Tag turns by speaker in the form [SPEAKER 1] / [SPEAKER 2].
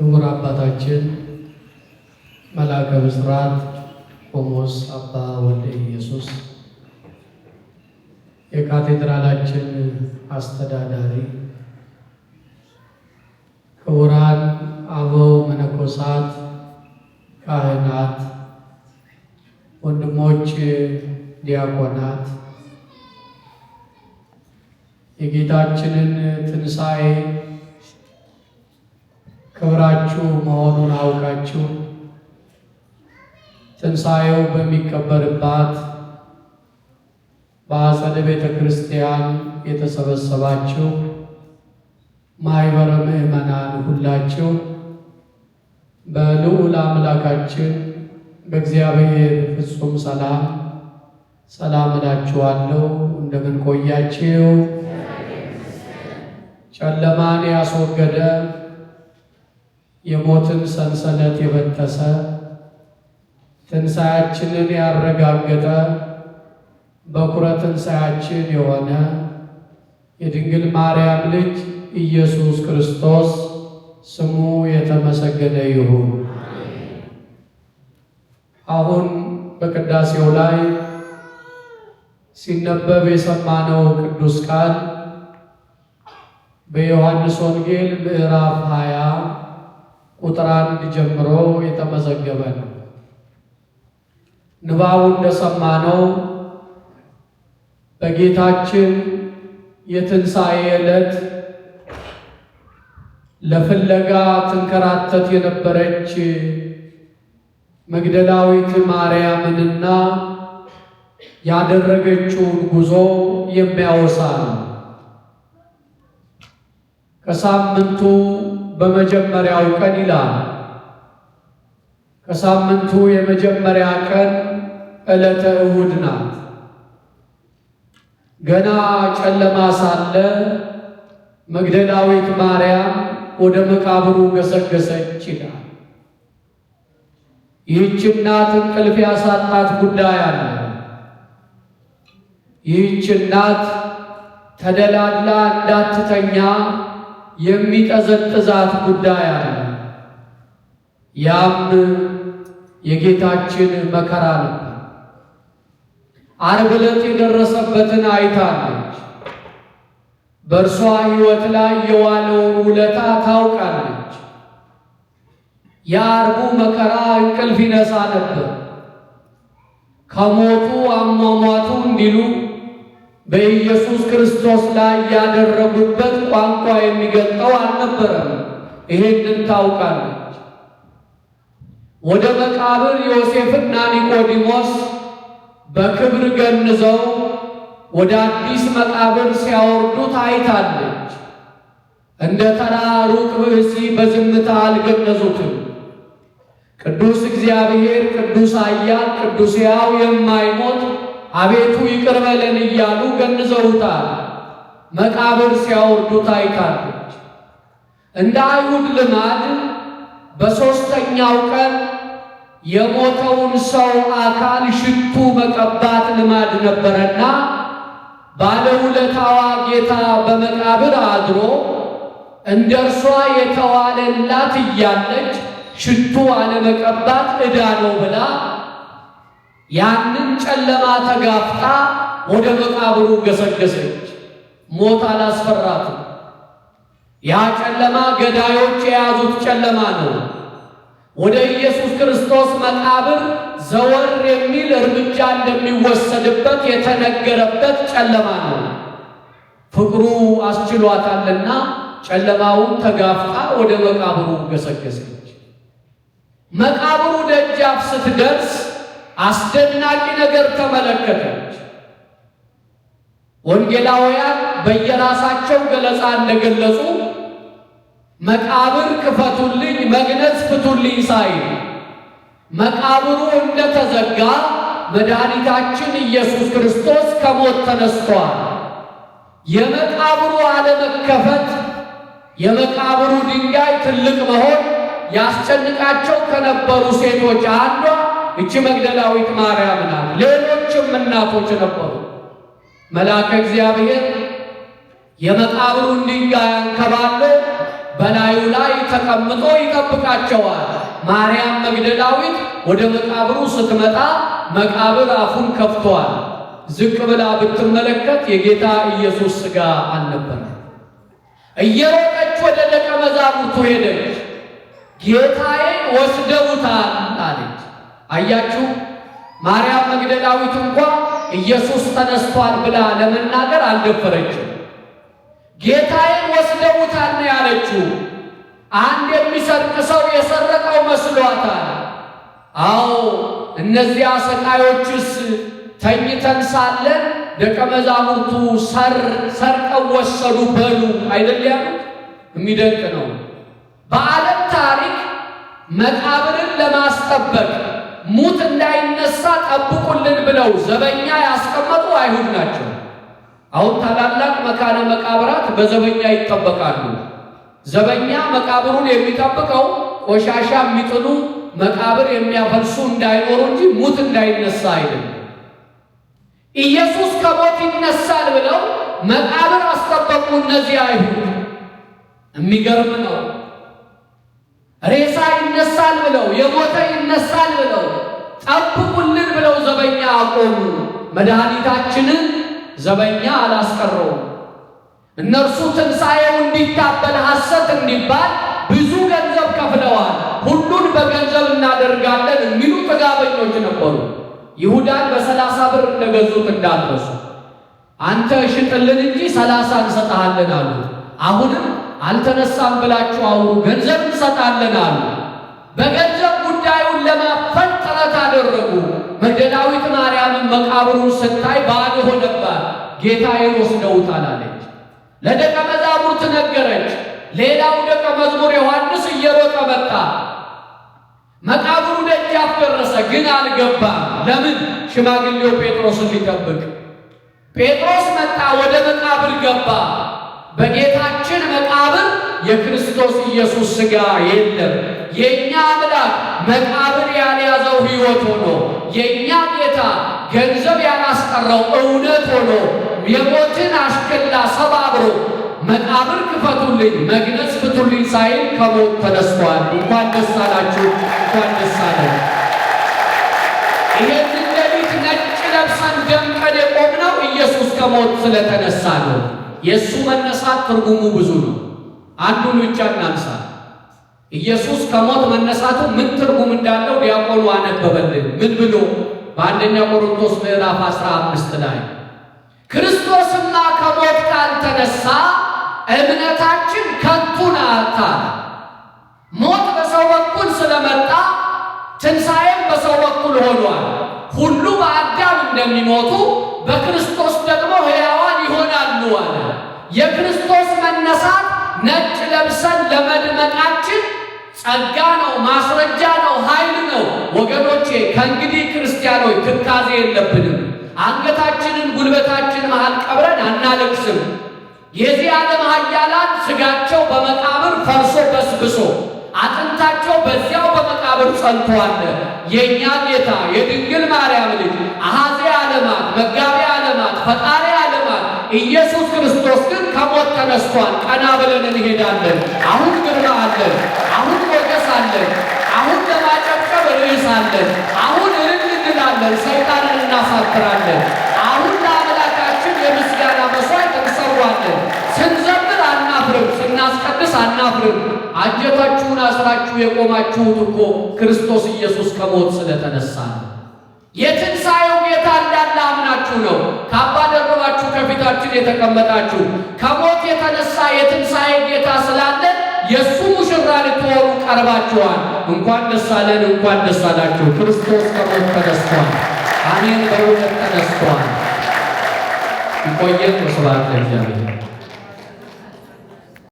[SPEAKER 1] ክቡር አባታችን መላከ ብስራት ቆሞስ አባ ወልደ ኢየሱስ የካቴድራላችን አስተዳዳሪ፣ ክቡራን አበው መነኮሳት፣ ካህናት፣ ወንድሞች ዲያቆናት የጌታችንን ትንሣኤ ክብራችሁ መሆኑን አውቃችሁ ትንሣኤው በሚከበርባት በአጸደ ቤተ ክርስቲያን የተሰበሰባችሁ ማኅበረ ምእመናን ሁላችሁ በልዑል አምላካችን በእግዚአብሔር ፍጹም ሰላም ሰላም እላችኋለሁ። እንደምን ቆያችሁ? ጨለማን ያስወገደ የሞትን ሰንሰለት የበጠሰ ትንሣያችንን ያረጋገጠ በኩረ ትንሣያችን የሆነ የድንግል ማርያም ልጅ ኢየሱስ ክርስቶስ ስሙ የተመሰገነ ይሁን። አሁን በቅዳሴው ላይ ሲነበብ የሰማነው ቅዱስ ቃል በዮሐንስ ወንጌል ምዕራፍ 20 ቁጥር አንድ ጀምሮ የተመዘገበ ነው። ንባቡ ነው በጌታችን የትንሣኤ ዕለት ለፍለጋ ትንከራተት የነበረች መግደላዊት ማርያምንና ያደረገችውን ጉዞ የሚያወሳ ነው። ከሳምንቱ በመጀመሪያው ቀን ይላል። ከሳምንቱ የመጀመሪያ ቀን ዕለተ እሑድ ናት። ገና ጨለማ ሳለ መግደላዊት ማርያም ወደ መቃብሩ ገሰገሰች ይላል። ይህች እናት እንቅልፍ ያሳጣት ጉዳይ አለ። ይህች እናት ተደላድላ እንዳትተኛ የሚጠዘጥዛት ጉዳይ አለ። ያም የጌታችን መከራ ነበር። ዓርብ ዕለት የደረሰበትን አይታለች። በእርሷ ሕይወት ላይ የዋለውን ውለታ ታውቃለች። የዓርቡ መከራ እንቅልፍ ይነሳ ነበር። ከሞቱ አሟሟቱ እንዲሉ በኢየሱስ ክርስቶስ ላይ ያደረጉበት ቋንቋ የሚገልጠው አልነበረም። ይሄንን ታውቃለች። ወደ መቃብር ዮሴፍና ኒቆዲሞስ በክብር ገንዘው ወደ አዲስ መቃብር ሲያወርዱት አይታለች። እንደ ተራ ሩቅ ብእሲ በዝምታ አልገነዙትም። ቅዱስ እግዚአብሔር፣ ቅዱስ አያል ቅዱስ የማይሞት አቤቱ ይቅር በለን እያሉ ገንዘውታል። መቃብር ሲያወርዱ ታይታለች። እንደ አይሁድ ልማድ በሦስተኛው ቀን የሞተውን ሰው አካል ሽቱ መቀባት ልማድ ነበረና ባለውለታዋ ጌታ በመቃብር አድሮ እንደ እርሷ የተዋለላት እያለች ሽቱ አለመቀባት ዕዳ ነው ብላ ያንን ጨለማ ተጋፍጣ ወደ መቃብሩ ገሰገሰች። ሞት አላስፈራትም። ያ ጨለማ ገዳዮች የያዙት ጨለማ ነው። ወደ ኢየሱስ ክርስቶስ መቃብር ዘወር የሚል እርምጃ እንደሚወሰድበት የተነገረበት ጨለማ ነው። ፍቅሩ አስችሏታልና ጨለማውን ተጋፍጣ ወደ መቃብሩ ገሰገሰች። መቃብሩ ደጃፍ ስትደርስ አስደናቂ ነገር ተመለከተች። ወንጌላውያን በየራሳቸው ገለጻ እንደገለጹ መቃብር ክፈቱልኝ፣ መግነዝ ፍቱልኝ ሳይል መቃብሩ እንደተዘጋ መድኃኒታችን ኢየሱስ ክርስቶስ ከሞት ተነስቷል። የመቃብሩ አለመከፈት፣ የመቃብሩ ድንጋይ ትልቅ መሆን ያስጨንቃቸው ከነበሩ ሴቶች አንዷ እቺ መግደላዊት ማርያም ናት። ሌሎችም እናቶች ነበሩ። መልአከ እግዚአብሔር የመቃብሩን ድንጋይ አንከባሎ በላዩ ላይ ተቀምጦ ይጠብቃቸዋል። ማርያም መግደላዊት ወደ መቃብሩ ስትመጣ መቃብር አፉን ከፍቷል። ዝቅ ብላ ብትመለከት የጌታ ኢየሱስ ሥጋ አልነበረ። እየሮጠች ወደ ደቀ መዛሙርቱ ሄደች። ጌታዬን ወስደውታል አለች። አያችሁ፣ ማርያም መግደላዊት እንኳ ኢየሱስ ተነስቷል ብላ ለመናገር አልደፈረችም። ጌታዬን ወስደውታል ያለችው። አንድ የሚሰርቅ ሰው የሰረቀው መስሏታል። አዎ እነዚያ ሰቃዮችስ ተኝተን ሳለን ደቀ መዛሙርቱ ሰርቀው ወሰዱ በሉ አይደል ያሉት? የሚደንቅ ነው። በዓለም ታሪክ መቃብርን ለማስጠበቅ ሙት እንዳይነሳ ጠብቁልን ብለው ዘበኛ ያስቀመጡ አይሁድ ናቸው። አሁን ታላላቅ መካነ መቃብራት በዘበኛ ይጠበቃሉ። ዘበኛ መቃብሩን የሚጠብቀው ቆሻሻ የሚጥሉ መቃብር የሚያፈልሱ እንዳይኖሩ እንጂ ሙት እንዳይነሳ አይደለም። ኢየሱስ ከሞት ይነሳል ብለው መቃብር አስጠበቁ። እነዚህ አይሁድ የሚገርም ነው። ሬሳ ይነሳል ብለው የሞተ ይነሳል ብለው ጠብቁልን ብለው ዘበኛ አቆሙ። መድኃኒታችንን ዘበኛ አላስቀረውም። እነርሱ ትንሣኤው እንዲታበል ሐሰት እንዲባል ብዙ ገንዘብ ከፍለዋል። ሁሉን በገንዘብ እናደርጋለን የሚሉ ጥጋበኞች ነበሩ። ይሁዳን በሰላሳ ብር እንደገዙት እንዳትረሱ። አንተ ሽጥልን እንጂ ሰላሳ እንሰጠሃለን አሉት። አሁንም አልተነሳም ብላችሁ አውሩ፣ ገንዘብ እንሰጣለን አሉ። የዳዊት ማርያምን መቃብሩን ስታይ ባዶ ሆነባት። ጌታዬን ወስደውታል አለች። ለደቀ መዛሙርት ነገረች። ሌላው ደቀ መዝሙር ዮሐንስ እየሮጠ መጣ። መቃብሩ ደጃፍ ደረሰ፣ ግን አልገባም። ለምን? ሽማግሌው ጴጥሮስን ሊጠብቅ። ጴጥሮስ መጣ፣ ወደ መቃብር ገባ። በጌታችን መቃብር የክርስቶስ ኢየሱስ ሥጋ የለም። የእኛ አምላክ መቃብር ያልያዘው ሕይወት ሆኖ የእኛ ጌታ ገንዘብ ያላስቀረው እውነት ሆኖ የሞትን አሽከላ ሰባብሮ መቃብር ክፈቱልኝ፣ መግነጽ ፍቱልኝ ሳይል ከሞት ተነስቷል። እንኳን ደስ አላችሁ፣ እንኳን ደስ አለን። ይህን ሌሊት ነጭ ለብሰን ደምቀን የቆምነው ኢየሱስ ከሞት ስለተነሳ ነው። የእሱ መነሳት ትርጉሙ ብዙ ነው። አንዱን ብቻ እናንሳ። ኢየሱስ ከሞት መነሳቱ ምን ትርጉም እንዳለው ዲያቆኑ አነበበልን። ምን ብሎ በአንደኛ ቆሮንቶስ ምዕራፍ 15 ላይ ክርስቶስማ ከሞት ካልተነሳ እምነታችን ከንቱ ናታ ሞት በሰው በኩል ስለመጣ ትንሣኤም በሰው በኩል ሆኗል። ሁሉ በአዳም እንደሚሞቱ በክርስቶስ ደግሞ ሕያዋን ይሆናሉ አለ። የክርስቶስ መነሳት ነጭ ለብሰን ለመድመቃችን ጸጋ ነው፣ ማስረጃ ነው፣ ኃይል ነው። ወገኖቼ ከእንግዲህ ክርስቲያኖች ትካዜ የለብንም። አንገታችንን ጉልበታችን መሃል ቀብረን አናለቅስም። የዚህ ዓለም ኃያላን ስጋቸው በመቃብር ፈርሶ በስብሶ አጥንታቸው በዚያው በመቃብር ጸንቷል። የእኛ ጌታ የድንግል ማርያም ተነስቷል። ቀና ብለን እንሄዳለን። አሁን ግርማ አለን። አሁን ሞገስ አለን። አሁን ለማጨብጨብ ርዕስ አለን። አሁን እልል እንላለን፣ ሰይጣንን እናሳፍራለን። አሁን ለአምላካችን የምስጋና መስዋዕት እንሰዋለን። ስንዘምር አናፍርም፣ ስናስቀድስ አናፍርም። አንጀታችሁን አስራችሁ የቆማችሁት እኮ ክርስቶስ ኢየሱስ ከሞት ስለተነሳ ነው። የትንሣኤው ጌታ እንዳለ አምናችሁ ነው ካባ ከፊታችን የተቀመጣችሁ። ከሞት የተነሳ የትንሣኤ ጌታ ስላለ የእሱ ሙሽራ ልትሆኑ ቀርባችኋል። እንኳን ደስ አለን፣ እንኳን ደስ አላችሁ። ክርስቶስ ከሞት ተነስቷል። አሜን። በእውነት ተነስቷል። ይቆየን። ስብሐት ለእግዚአብሔር።